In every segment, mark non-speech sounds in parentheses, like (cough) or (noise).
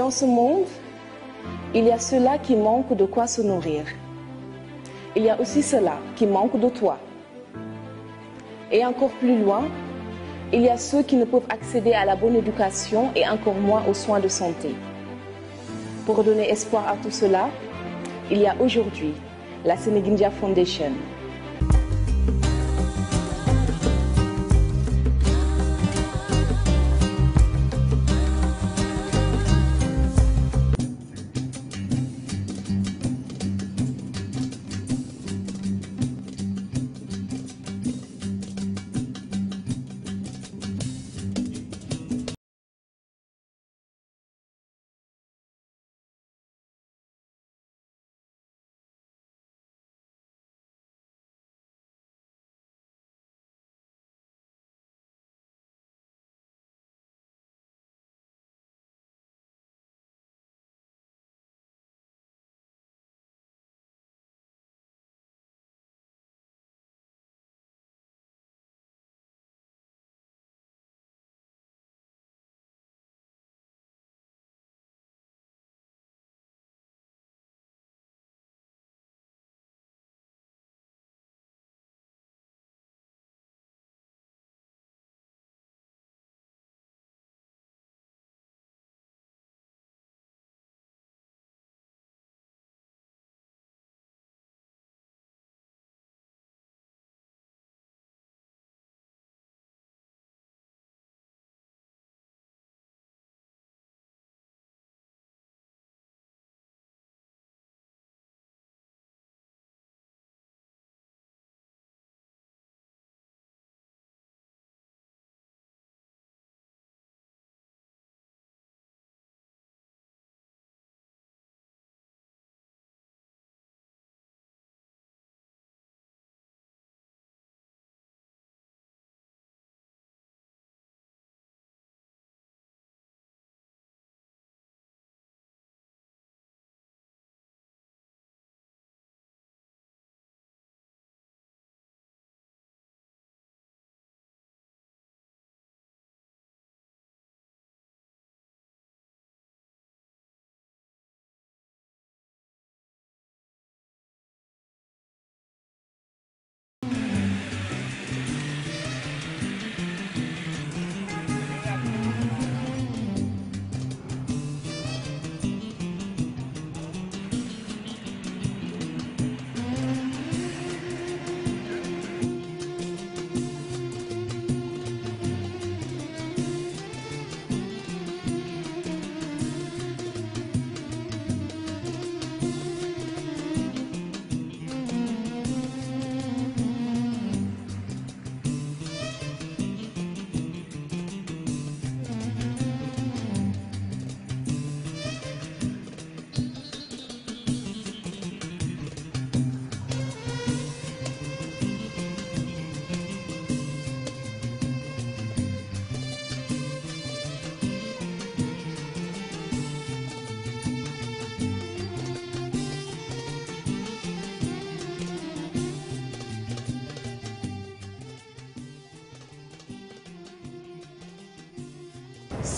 Dans ce monde, il y a ceux-là qui manquent de quoi se nourrir. Il y a aussi ceux-là qui manquent de toit. Et encore plus loin, il y a ceux qui ne peuvent accéder à la bonne éducation et encore moins aux soins de santé. Pour donner espoir à tout cela, il y a aujourd'hui la Senegindia Foundation,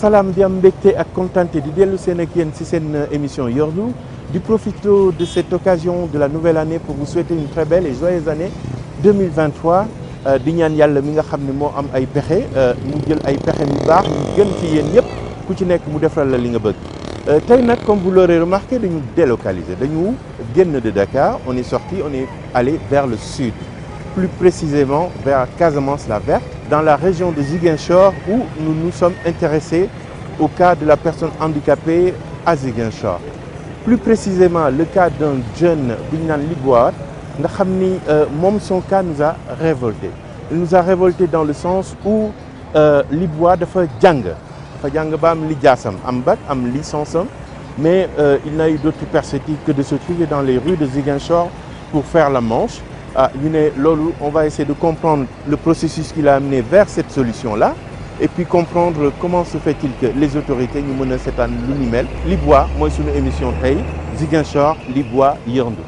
salaam di am mbégte ak kontante di dellu seen ak si seen euh, émission yoor di profito de cette occasion de la nouvelle année pour vous souhaiter une très belle et joyeuse année 2023 euh, di ñaan yàlla mi nga xam ne moo am ay pexe euh, mu ay pexe yu baax ñu gën ci yéen ñëpp ku ci nekk mu defaral la li nga bëgg tey nag comme vous l'aurez remarqué dañu délocaliser dañu génn de Dakar on est sorti on est allé vers le sud plus précisément vers Casamance-la-Verte, dans la région de Ziguinchor, où nous nous sommes intéressés au cas de la personne handicapée à Ziguinchor. Plus précisément, le cas d'un jeune Bignan Ligouar, euh, mom son cas nous a révoltés. Il nous a révoltés dans le sens où euh, Ligouar a fait Djang. am licence, mais euh, il n'a eu d'autre perspective que de se trouver dans les rues de Ziguinchor pour faire la manche. ah ñu ne loolu on va essayer de comprendre le processus qui l'a amené vers cette solution là et puis comprendre comment se fait-il que les autorités ñu mën a seetaan lu ni mel li bois mooy suñu émission tey Ziguinchor li bois yërndu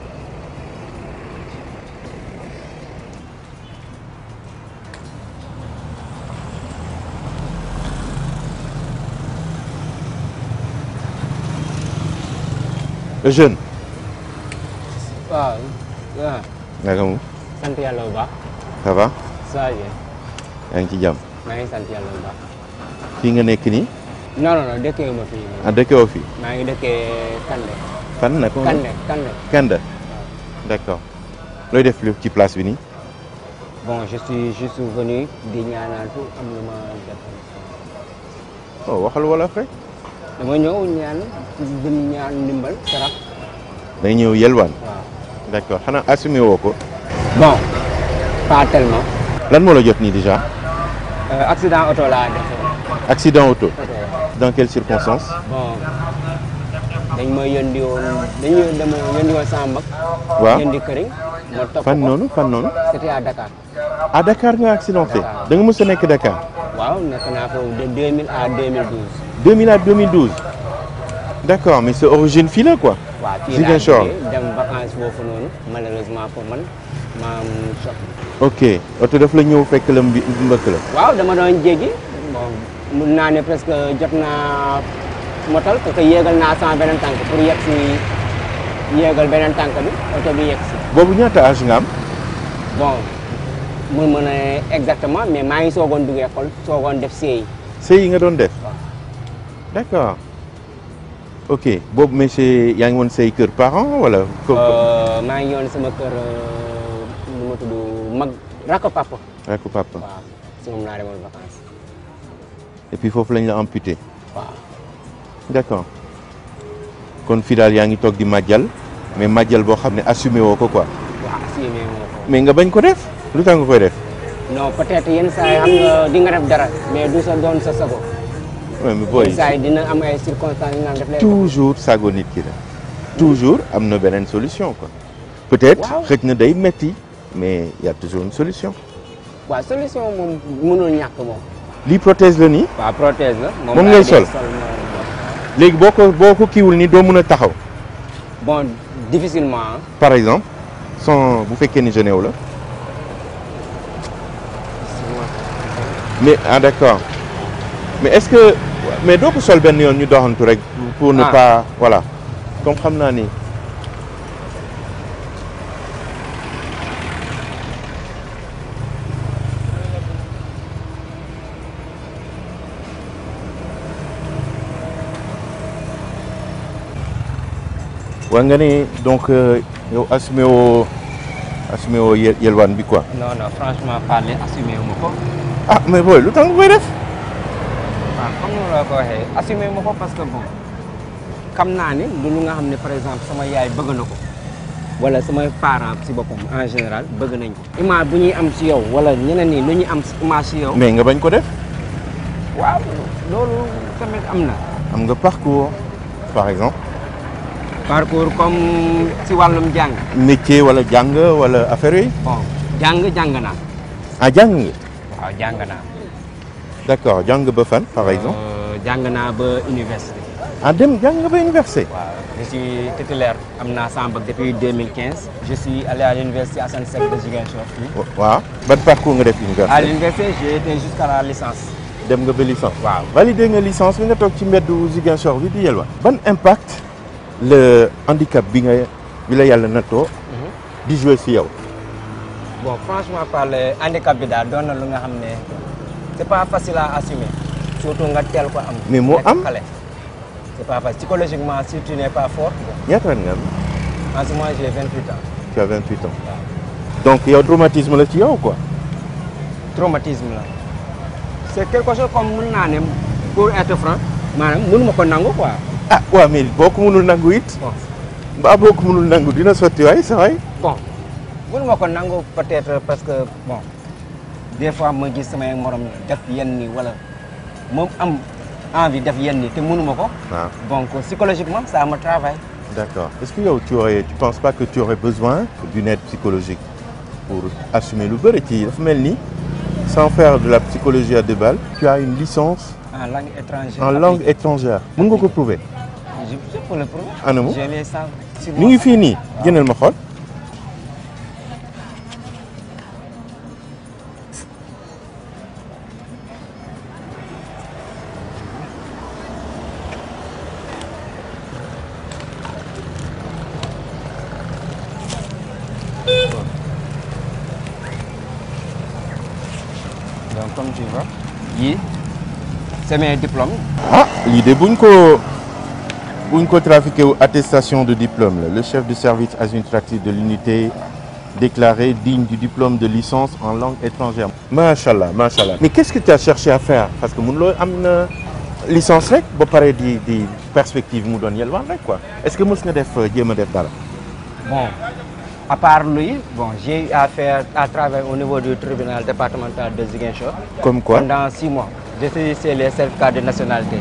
jeune waaw ah, naka mu. sant yàlla bu baax. ça va. ci jàmm. maa ngi sant yàlla bu baax. fii nga nekk nii. non non non dëkkee fii. ah dëkkeewoo fii. maa ngi dëkkee Kande. fan nag. Kande Kande Kande. d' accord def lépp ci place bi nii. bon je waxal wolof rek. dama ñëw ñaan di ñaan day ñëw yelwaan. d' accord xanaa assumé woo ko. bon pas tellement. lan moo la jot nii déjà. Euh, accident auto laa def. accident auto. dans quelles circonstances. bon dañ ma yëndi woon dañu dama yëndi woon sama mag. waaw yëndi këriñ. ma topp fan noonu fan noonu. c'était à Dakar. à Dakar nga accidenté. da nga mës a nekk Dakar. waaw nekk naa foofu de 2000 à 2012. 2000 à 2012. d' accord mais sa origine fii la quoi. waaw fii laa jógee dem vacances foofu noonu malheureusement pour man maa mu ok oto daf la ñëw fekk la mbi la. waaw dama doon jéggi bon mun naa ne presque jot naa motal parce que yéegal naa sama beneen tànk pour yegg si beneen tànk bi oto bi yegg si. boobu ñaata âge nga bon mun mën a exactement mais maa ngi soogoon dugg école soogoon def CI. CI nga doon def. waaw ok boobu monsieur yaa ngi woon say kër parents wala. Euh, maa ngi yoon sama kër euh, nu ma tudd mag rakk papa. rakk papa waaw si moom laa demoon vacances. et foofu lañ la amputé. waaw. kon fii daal yaa ngi toog di màjjal mais màjjal boo xam ne assumé woo ko quoi. waaw mais nga bañ ko def lu tax nga koy def. non peut-être yenn saa yi nga di nga def dara mais du sa doon sa sago. booy yi dina am ay circonstances yu naan def toujours sago nit ki la. toujours am na beneen solution quoi. peut-être xëj na day metti mais y a toujours une solution. waaw solution moom mënul ñàkk moom. lii protège la nii. waaw protège la moom ngay sol léegi boo ko boo ko kiiwul nii doo mën a taxaw. bon difficilement. par exemple son bu fekkee ni genéew la. mais ah d'accord. mais est-ce que mais doo ko sol benn yoon ñu doxantu rek. pour ne ah. pas voilà comme xam naa ni. waa nga ne donc euh, yow assumé woo assumé woo yelwaan bi non non franchement parler assumé wu ah mais booy lu tax nga koy def. noonu la ko waxee assumé ma ko parce que bon xam naa ni du lu nga xam ne par exemple sama yaay bëgg na ko wala sama parents si boppam en général bëgg nañ ko. image bu ñuy am si yow wala ñeneen ñi lu ñuy am image si yow. mais nga bañ ko def. waaw loolu tamit am na. am nga parcours par exemple. parcours comme si wàllum jàng. métier wala jàng wala affaire yi. jàng jàng naa. ah jàng nga. waaw jàng naa. d'accord jàng ba fan par euh, exemple. jàng naa ba université. ah dem jàng nga ba université. waaw je suis titulaire. am naa samba depuis 2015. je suis allé à l'université Assane Seck de Ziguinchor. waaw ban parcours nga def université. à l'université j'ai été jusqu'à la licence. dem nga ba licence. waaw validé nga licence bi nga toog ci mbeddu Ziguinchor bi di yelwa ban impact le handicap bi nga bi la yàlla nattoo. Mhm. di jouer si yow. bon franchement parler handicap bi daal doon na lu nga xam c'est pas facile à assumer surtout nga teel ko am. mais moo am c'est pas facile psychologiquement si tu n'es pas fort. ñaata at nga am. en ce moment j'ai 28 ans. tu as 28 ans. waaw donc yow traumatisme la ci yow quoi. traumatisme la c'est quelque chose comme mën naa ne pour être franc maanaam mënuma ko nangu quoi. ah waaw mais boo ko mënul nangu it. ba boo ko mënul nangu dina sotti waay sa waay. bon mënuma ko nangu peut-être parce que bon. des fois ma gis samay morom def yenn ni wala moom am def yenn ni te mënuma ko. waaw ah. donc psychologiquement ça me travaille. d'accord est-ce que yow tu aurais tu penses pas que tu aurais besoin d'une aide psychologique pour assumer lu bëri ci dafa mel ni sans faire de la psychologie à deux balles. tu as une licence. en langue étrangère en langue étrangère. mën nga ko prouver. je je le prouver. ngi fii nii génneel ma comme tu vois yii c'est mes ah lii de buñ ko buñ ko trafiqué wu attestation de diplôme la le chef du service administratif de l'unité déclaré digne du diplôme de licence en langue étrangère. macha allah macha allah mais qu'est-ce que tu as cherché à faire parce que mun loo am na licence rek ba pare di di perspective mu doon yelwaan rek quoi est-ce que mës nga def jéem a def dara. bon. à part lui, bon, j'ai eu à faire à travailler au niveau du tribunal départemental de Ziguinchor. Comme quoi Pendant six mois. J'ai saisi les certificats de nationalité.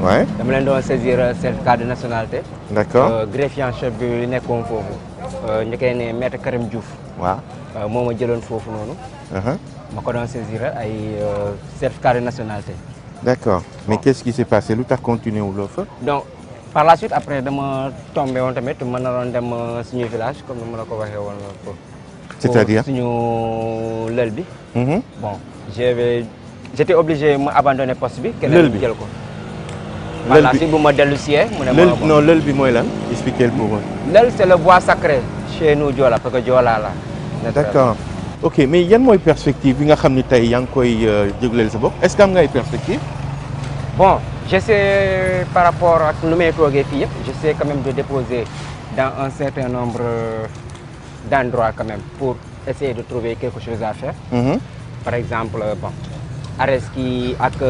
Ouais. dama leen doon saisir euh, certificat de nationalité. d' accord euh, greffier en bi nekkoon foofu. ñu euh, koy ne maître Karim Diouf. waaw moo ma jëloon foofu noonu. Uh-huh. ma ko doon saisir ay certificat de nationalité. d' accord mais qu' est ce qui s' passé lu tax continué wu loo fa. par la suite après dama tombé woon tamit mën na doon dem euh, suñu village comme ni ma la ko waxee woon pour. c'est-à-dire suñu lël bi. Mhm. bon j'avais j'étais obligé ma abandonné poste bi. lël bi keneen jël ko. lël bi bu ma dellu si mu ne bi mooy lan expliquez-le pour moi. lël c'est le bois sacré chez nous Joola parce que Joola la. d'accord ok mais yan mooy perspective bi nga xam ni tey yaa ngi koy euh, jégleel sa bopp est-ce que am nga ay bon. j'essaie par rapport ak nu may toogee fii yëpp j'essaie quand même de déposer dans un certain nombre euh, d'endroits quand même pour essayer de trouver quelque chose à faire. Mmh. par exemple euh, bon Areski ak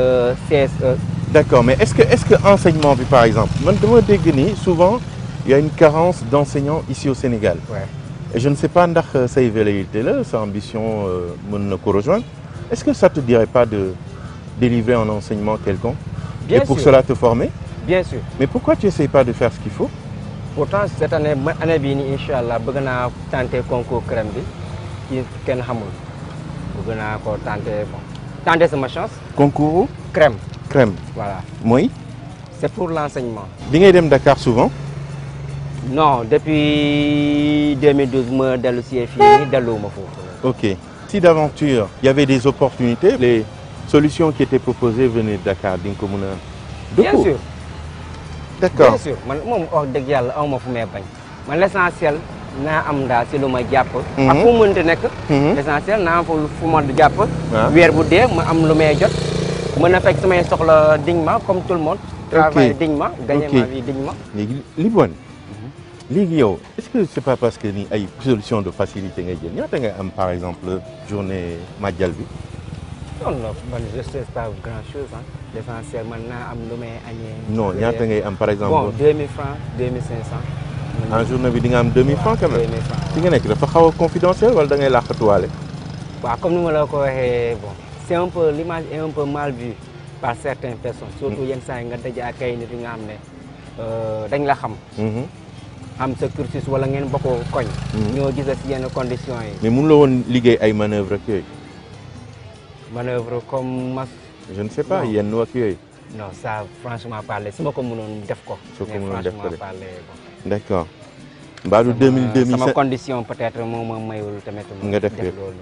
CSE. Euh, d'accord mais est-ce que est-ce que enseignement bi par exemple man dama dégg ni souvent il y a une carence d'enseignants ici au Sénégal. Ouais. Et je ne sais pas ndax say velléité la sa ambition mën na ko rejoindre est-ce que ça te dirait pas de délivrer un enseignement quelconque Bien et pour sûr. cela te former. Bien sûr. Mais pourquoi tu n'essayes pas de faire ce qu'il faut Pourtant, cette année, année bii nii incha allah bëgg naa tenter concours crème bi kenn xamul bëgg naa ko tenter bon tenter sama chance. concours. crème crème. voilà mooy. c'est pour l'enseignement. bi ngay dem Dakar souvent. non depuis 2012 ma dellu si fii (laughs) delluwuma foofu. ok si d'aventure il avait des opportunités solution qui était proposée venir Dakar di nga ko mën a. bien bien sûr man moom wax dëgg yàlla aw ma fu mee bañ. man l' essentiel am ndaa si lu ma jàpp. Mhm. a fu mu nekk. Mhm. l' essentiel naa am fu ma jàpp. Ah. weer bu dee ma am lu may jot. mën a fekk samay soxla dignement comme tout le monde. travail dignement gagner ma vie dignement. léegi li bon mhm. léegi yow est-ce que c'est pas parce que ni ay solution de facilité ngay jël ñaata nga am par exemple journée Madial bi. non non man je sais grand chose ah. man na am lu may añee. non ñaata ngay am par exemple. bon 2000 francs 2500. en journée bi di nga am 2000 francs quand même. nga nekk dafa xaw a confidentiel wala da ngay làqatuwaale. waaw comme ni ma la ko waxee bon c'est un peu l'image est un peu mal vue par certaines personnes. surtout yenn saa yi nga daje ak ay nit nga xam ne euh, dañ la xam. Mhm. am sa wala ngeen boko koñ. Mhm. ñoo gis si yenn conditions yi. mais la woon liggéey ay manœuvres ak yooyu. manœuvre comme mag. je ne sais pas yenn ak yooyu. non sa franchement parler su ma ko mënoon def ko. su ko mënoon def ko de franchement parler bon. d' accord mbaalu deux mille deux mille sama condition peut être moo ma m tamit. nga def loolu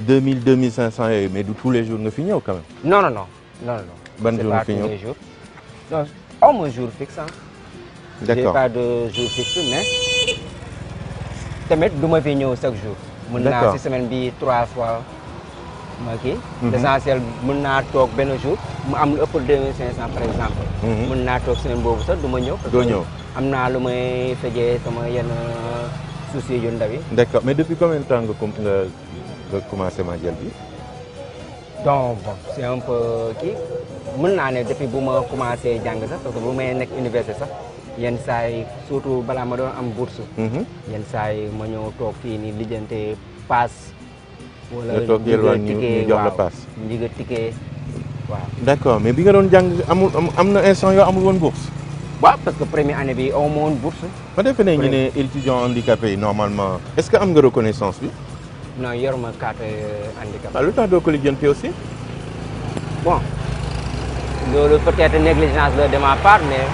deux mille deux mille cinq cent yooyu mais du tous les jours nga fi ñëw quand même. non non non non non. ban fi non aw ma jour fixe ah. d' accord j'ai pas de jour fixe mais tamit du ma fi ñëw chaque jour. d' accord si semaine bi trois fois. ma kii mhm. l'essentiel mën naa toog benn jour mu am ëpp deux mille cinq cent par exemple mhm. mën naa toog semaine boobu sax du ma ñëw doo ñëw am naa lu may fejee sama yenn euh, soucis yu ndaw yi d'accord mais depuis combien de temps nga nga nga commencé Madiel bi donc bon c'est un peu kii mën naa ne depuis bu ma commencé jàng sax parce que bu may nekk université sax yenn saa surtout balaa ma doon am bourse mhm. yenn saa ma ñëw toog fii nii lijjante passe wala toog yelwaan ñu jox la paas ndiga ticket waaw d' accord mais bi nga doon jàng amul am na instant yoo amul woon bourse waaw parce que première année bi aw ma woon bourse ma defe ne ñu ne étudiant handicapé yi normalement est ce que am nga reconnaissance bi non yor ma carte euh, handicapé waaw lu tax doo ko lijjanti aussi bon loolu peut être la de ma part mais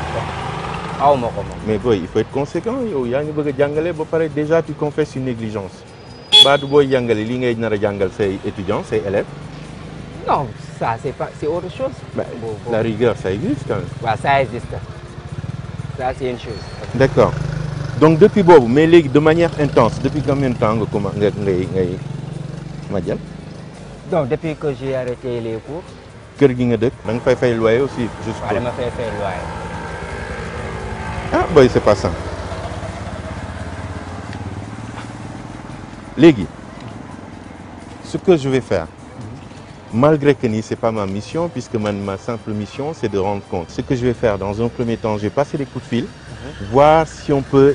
aw ma ko moom mais boy il faut être conséquent yow yaa ngi bëgg a jàngale ba pare déjà tu confesses une négligence ba booy jàngale lii ngay nar a jàngal say étudiants say élèves. non ça c'est pas c'est autre chose. la rigueur ça existe quand d'accord donc depuis boobu mais léegi de manière intense depuis combien de temps nga commencé nga ngay ngay ma jël. donc depuis que j'ai arrêté les cours. kër gi nga dëkk. da nga fay fay loyer aussi. juste waaw ah booy c'est pas ça. léegi ce que je vais faire malgré que ni c'est pas ma mission puisque man ma simple mission c'est de rendre compte ce que je vais faire dans un premier temps je vais passer des coups de fil mhm. voir si on peut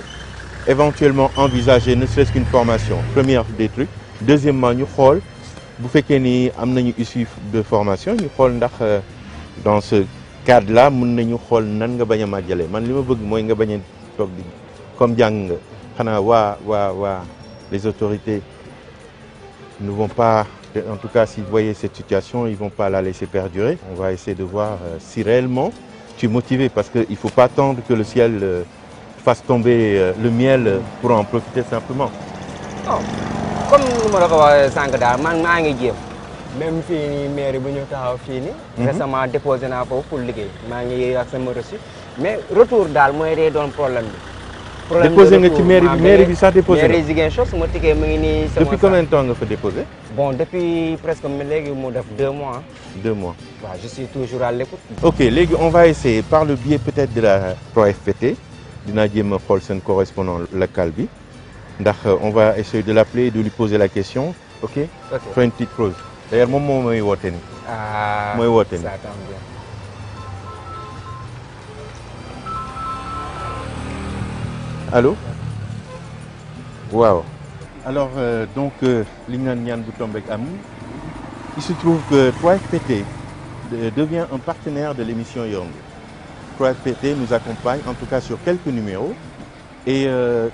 éventuellement envisager ne serait-ce qu'une formation première des trucs deuxièmement ñu xool bu fekkee ni am nañu issue de formation ñu xool ndax euh, dans ce cadre là mën nañu xool nan nga bañ a màjjale man li ma bëgg mooy nga bañ a toog comme jàng nga xanaa waa les autorités ne vont pas, en tout cas si voyaient cette situation, ils ne vont pas la laisser perdurer. On va essayer de voir euh, si réellement tu es parce qu'il ne faut pas attendre que le ciel euh, fasse tomber euh, le miel pour en profiter simplement. Oh. comme nu ma la daal man maa ngi jéem même fii nii bu ñu taxaw fii nii. Mhm. déposé naa foofu pour liggéey maa ngi ak sama mais retour daal mooy dee déposé nga ci mairie bi ah, mairie bi sax déposé mairie Ziguinchor su ma tikkee mu ngi nii. depuis combien de temps nga depuis presque léegi mu deux mois. deux mois je suis toujours à l'écoute. ok léegi on va essayer par le biais peut-être de la 3FPT dinaa jéem a xool seen correspondant local bi ndax euh, on va essayer de l'appeler et de lui la question ok. ok faire une petite pause d'ailleurs moom moo may woote ah, mooy woote nii allo waaw alors euh, donc euh, li ñu naan ñaan bu tombeek am il se trouve que 3FPT un partenaire de l'émission Young 3FPT nous accompagne en tout cas sur quelques numéros et euh,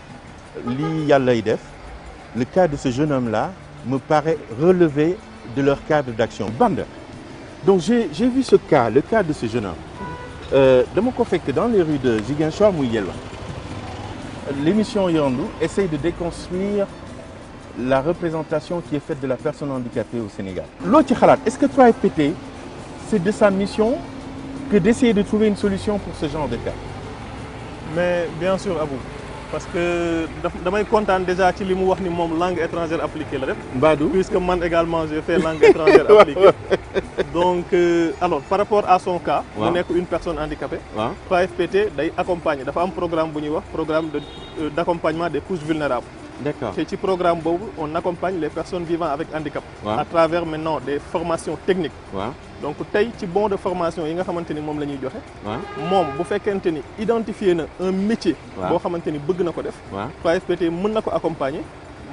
li yàllay def le cas de ce jeune homme-là me paraît relever de d'action bande donc j'ai j'ai vu ce cas le cas euh, dama ko fekk dans les rues de Ziguinchor muy yelwa l'émission Yandou essaye de déconstruire la représentation qui est faite de la personne handicapée au Sénégal. loo ci xalaat est-ce que 3FPT c'est de sa mission que d'essayer de trouver une solution pour ce genre de cas. mais bien sûr Abou. parce que damay kontaan déjà ci li mu wax ni moom langue étrangère appliquée la def. Mbadou puisque man également j'ai fait langue étrangère (laughs) appliquée. donc euh, alors par rapport à son cas. nekk une personne handicapée. waaw PAFPT day accompagner dafa am programme bu ñuy wax programme de euh, d' accompagnement des couches vulnérables. d'accord te ci programme boobu on accompagne les personnes vivant avec handicap ouais. à travers maintenant des formations techniques ouais. donc tey ci bon de formation yi nga xamante ni moom la ñuy joxe moom bu fekkente ni identifié na un métier boo xamante ni bëgg na ko def 3FPT mën na ko accompagner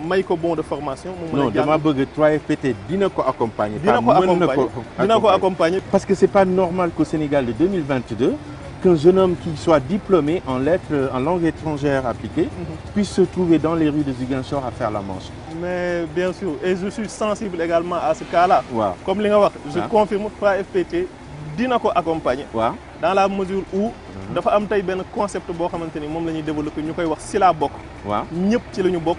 may ko bon de formation. mu mën a jàll non dama bëgg dina ko accompagner. dina ko accompagner dina ko accompagner. parce que c'est pas normal qu'au Sénégal de qu'un jeune homme qui soit diplômé en lettres, en langue étrangère appliquée, mmh. puisse se trouver dans les rues de Ziguinchor à faire la manche. Mais bien sûr, et je suis sensible également à ce cas-là. Comme li nga wax, je ah. confirme 3FPT dina ko accompagner. waaw dans la mesure où. Mhm. dafa am tey benn concept boo xamante ni moom la ñuy développer ñu koy wax si laa bokk. waaw ñëpp ci la ñu bokk.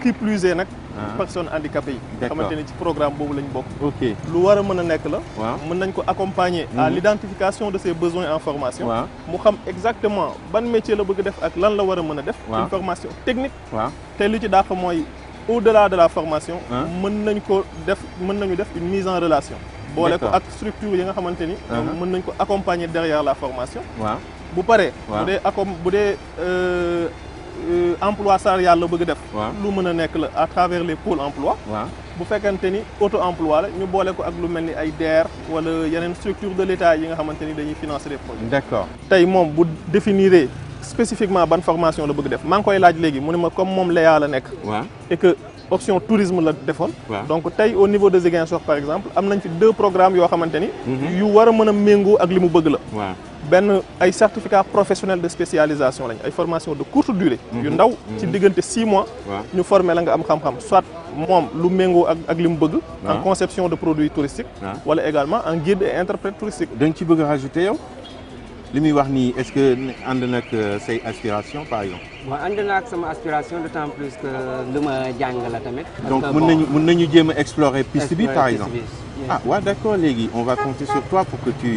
qui plus est nag. Ah. personnes handicapées yi. xamante ne ci programme boobu lañ bokk. ok lu war a mën a nekk la. waaw mën nañ ko accompagner. à mhm. l'identification de ses besoins en formation. mu xam exactement ban métier la bëgg def ak lan la war a mën a def. une formation technique. waaw te li ci dàq mooy au-delà de la formation. Ah. mën nañ ko def mën nañu def une mise en relation. boole ko ak structure yi nga xamante ni. Ah. mën nañ ko accompagner derrière la formation. waaw bu paree. Euh, emploi salarial la bëgg def lu mën a nekk la à travers les pôles emploi bu fekkente ni auto emploi la ñu boole ko ak lu mel ni ay DER wala yeneen structure de l'État yi nga xamante ni dañuy financer les projets d'accord tey moom bu définiree spécifiquement ban formation la bëgg def maa ngi koy laaj léegi mu ne ma comme moom Léa la nekk et que option tourisme la defoon donc tey au niveau de Ziguinchor par exemple am nañ fi deux programmes yoo xamante ni mhm. yu war a mën a méngoo ak li mu bëgg la benn ay certificat professionnel de spécialisation lañ ay formation de courte durée. Mhm. yu ndaw ci mhm. diggante six mois. ñu former la nga am xam-xam soit moom lu méngoo ak ak li mu bëgg. en conception de produits touristiques. wala également en guide et interprète touristique. da nga ci bëgg rajouter yow li muy wax ni est-ce que ànd nag euh, say aspiration par exemple. waaw ànd naa ak sama aspiration d'autant plus que lu ma jàng la mën nañu mën nañu jéem a explorer piste bi par exemple. ah waaw d'accord léegi on va compter sur toi pour que tu.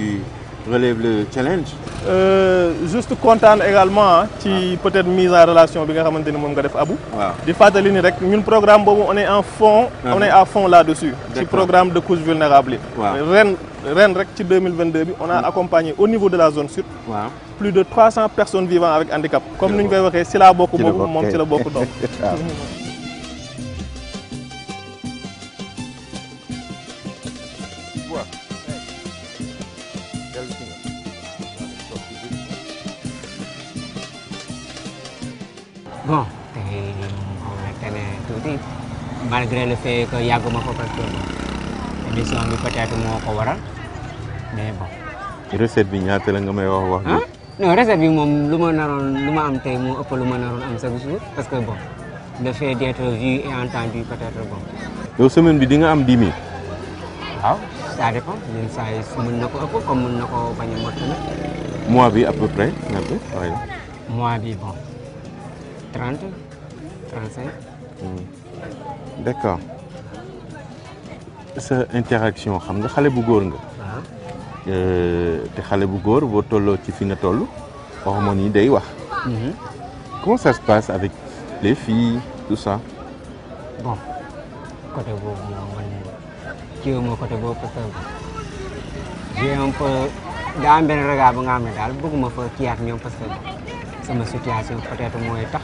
relève le challenge. Euh, juste kontaan également ci ah. peut-être mise en relation bi nga xamante ni moom nga def abu ah. di fàttali ni rek ñun programme boobu on est en fond. Ah. on est fond là-dessus. ci programme de couches vulnérables yi. ren ren rek ci bi on a hmm. accompagné au niveau de la zone sud. plus de 300 personnes vivant avec handicap. comme ni ñu koy waxee si la bokk boobu moom ci la bokk doom. (laughs) (laughs) malgré le fait que yàgguma ko parce que émission bi peut moo ko waral mais bon. recette bi ñaata la nga may wax wax. Ah? non recette bi moom lu ma naroon lu ma am tey moo ëpp lu ma naroon am chaque jour parce que bon le fait d'être vu et entendu peut-être bon. yow semaine bi di nga am 10 000. waaw ça dépend yenn saa yi mën na ko ëpp comme mën na ko bañ a mot mois bi à peu près ñaata waaye. mois bi bon 30 35. d'accord sa interaction xam nga xale bu góor nga. Ah. Euh, te xale bu góor boo tolloo ci fi nga toll hormones yi day wax. Mhm. comment ça se passe avec les tout ça. bon côté boobu moom man jiw ma côté boobu parce que j'ai un peu daa am benn regard bu nga xam ne daal bëgguma fa kiyaat ñoom parce que sama situation peut-être mooy tax.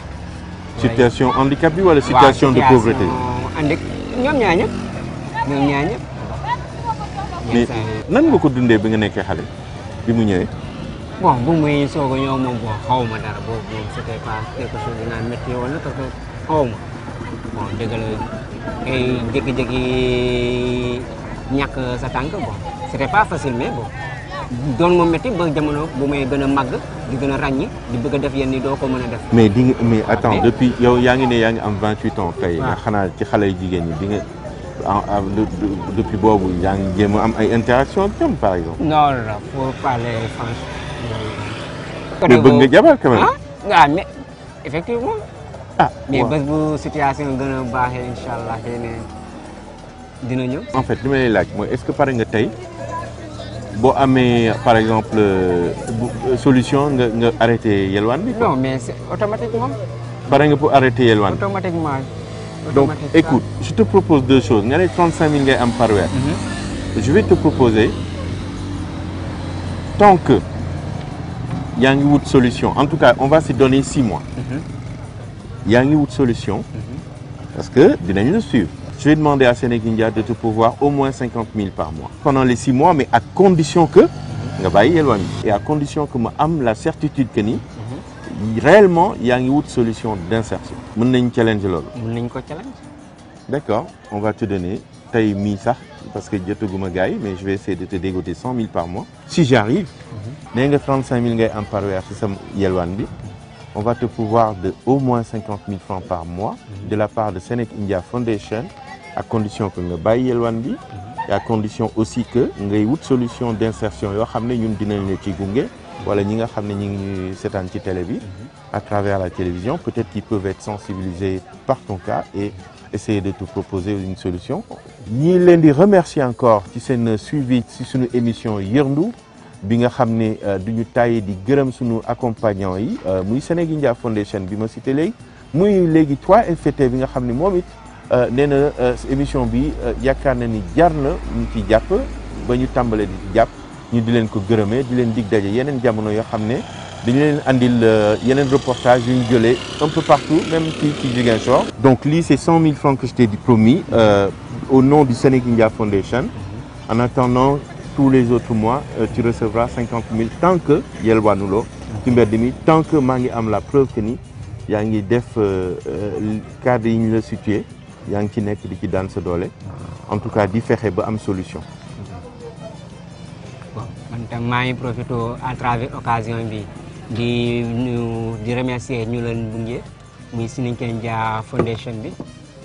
situation handicap bi wala situation de pauvreté. ànd ak ñoom ñaar ñëpp ñoom ñaar nan nga ko dundee bi nga nekkee xale bi mu ñëwee. bon bu muy soog a ñëw moom boo xaw ma dara boobu moom c'était pas quelque chose de naan métti woon na parce que xaw ma bon dëgg la ay jékki-jékki ñàkk sa tànk bon c'était pas facile mais bon. doon ma métti ba jamono bu may gën a màgg di gën a ràññi di bëgg a def yenn yi doo ko mën a def. mais di nga mais attends depuis yow yaa ngi ne yaa ngi am 28 ans tey. nga xanaa ci xale yi jigéen ñi di nga. Ah, ah, depuis boobu yaa ngi jéem am ay interaction ak ñoom par exemple. non non non pour parler euh, ah, bu baaxee incha allah dina ñëw. en fait li ma laaj mooy est-ce que pare nga tey. boo amee par exemple euh, solution nga nga arrêté yelwaan bi. mais c'est automatiquement. pare nga pour arrêter yelwaan bi automatiquement. donc écoute je te propose deux choses nga ne 35000 ngay am par weer. Mhm. je vais te proposer tant yaa ngi wut solution en tout cas on va se donner six mois. Mhm. yaa ngi wut solution. Mhm. parce que dinañ la suivre. je vais demander à Sénégal India de te pourvoir au moins cinquante mille par mois pendant les six mois mais à condition que nga bàyyi yelwaan yi et à condition que ma am la certitude que ni mhm. réellement yaa ngi wut solution d'insertion mën nañ challenge loolu mën nañ ko challenge d'accord on va te donner tey mii sax parce que jotaguma gars yi mais je vais essayer de te dégoter mille par mois si j'arrive mhm. nee nga trente cinq mille ngay am par weer bi on va de au moins cinquante mille francs mois mhm. la part de Sénégal India Foundation à condition que nga bàyyi yelwaan bi mhm. et condition aussi que ngay wut solution d'insertion yoo xam ne ñun dinañu ci gunge wala ñi nga xam ne ñu ngi seetaan ci télé bi mhm. à travers la télévision peut-être qu'ils peuvent être sensibilisés par ton cas et essayer de te proposer une solution ñi leen di remercier encore ci seen suivi ci suñu émission yërndu bi nga xam ne euh, ñu tàyyi di gërëm suñu accompagnant yi euh, muy Sénégindia Foundation bi ma cité léegi muy léegi e fpt bi nga xam ne moom it Euh, nee na euh, émission bi euh, yaakaar na ni jar na ñu ci jàpp ba ñu tàmbalee di jàpp ñu di leen ko gërëmee di leen dig daje yeneen jamono yoo xam ne dañu leen andil yeneen reportage yu ñu jëlee un peu partout même ci ci Ziguinchor. donc li c'est cent mille francs que je t'ai dit promis euh, au nom du Sénégindia Foundation en attendant tous les autres mois euh, tu recevras cinquante tant que yelwaanuloo ci mbedd mi tant que maa ngi am la preuve que ni yaa ngi def cadre yi ñu la situé yaa ngi ci nekk di ci daan sa doole en tout cas di fexe ba am solution. bon man tam maa ngi profité à travers occasion bi di ñu di remercier ñu leen gunge muy Sunuker Dia Foundation bi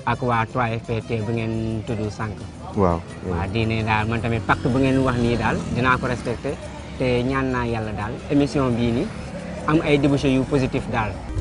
ak waa 3FPT bu ngeen tudd sànq. waaw waaw di ne daal man tamit pacte bu ngeen wax nii daal dinaa ko respecté te ñaan naa yàlla daal émission bii nii am ay débouché yu positif daal.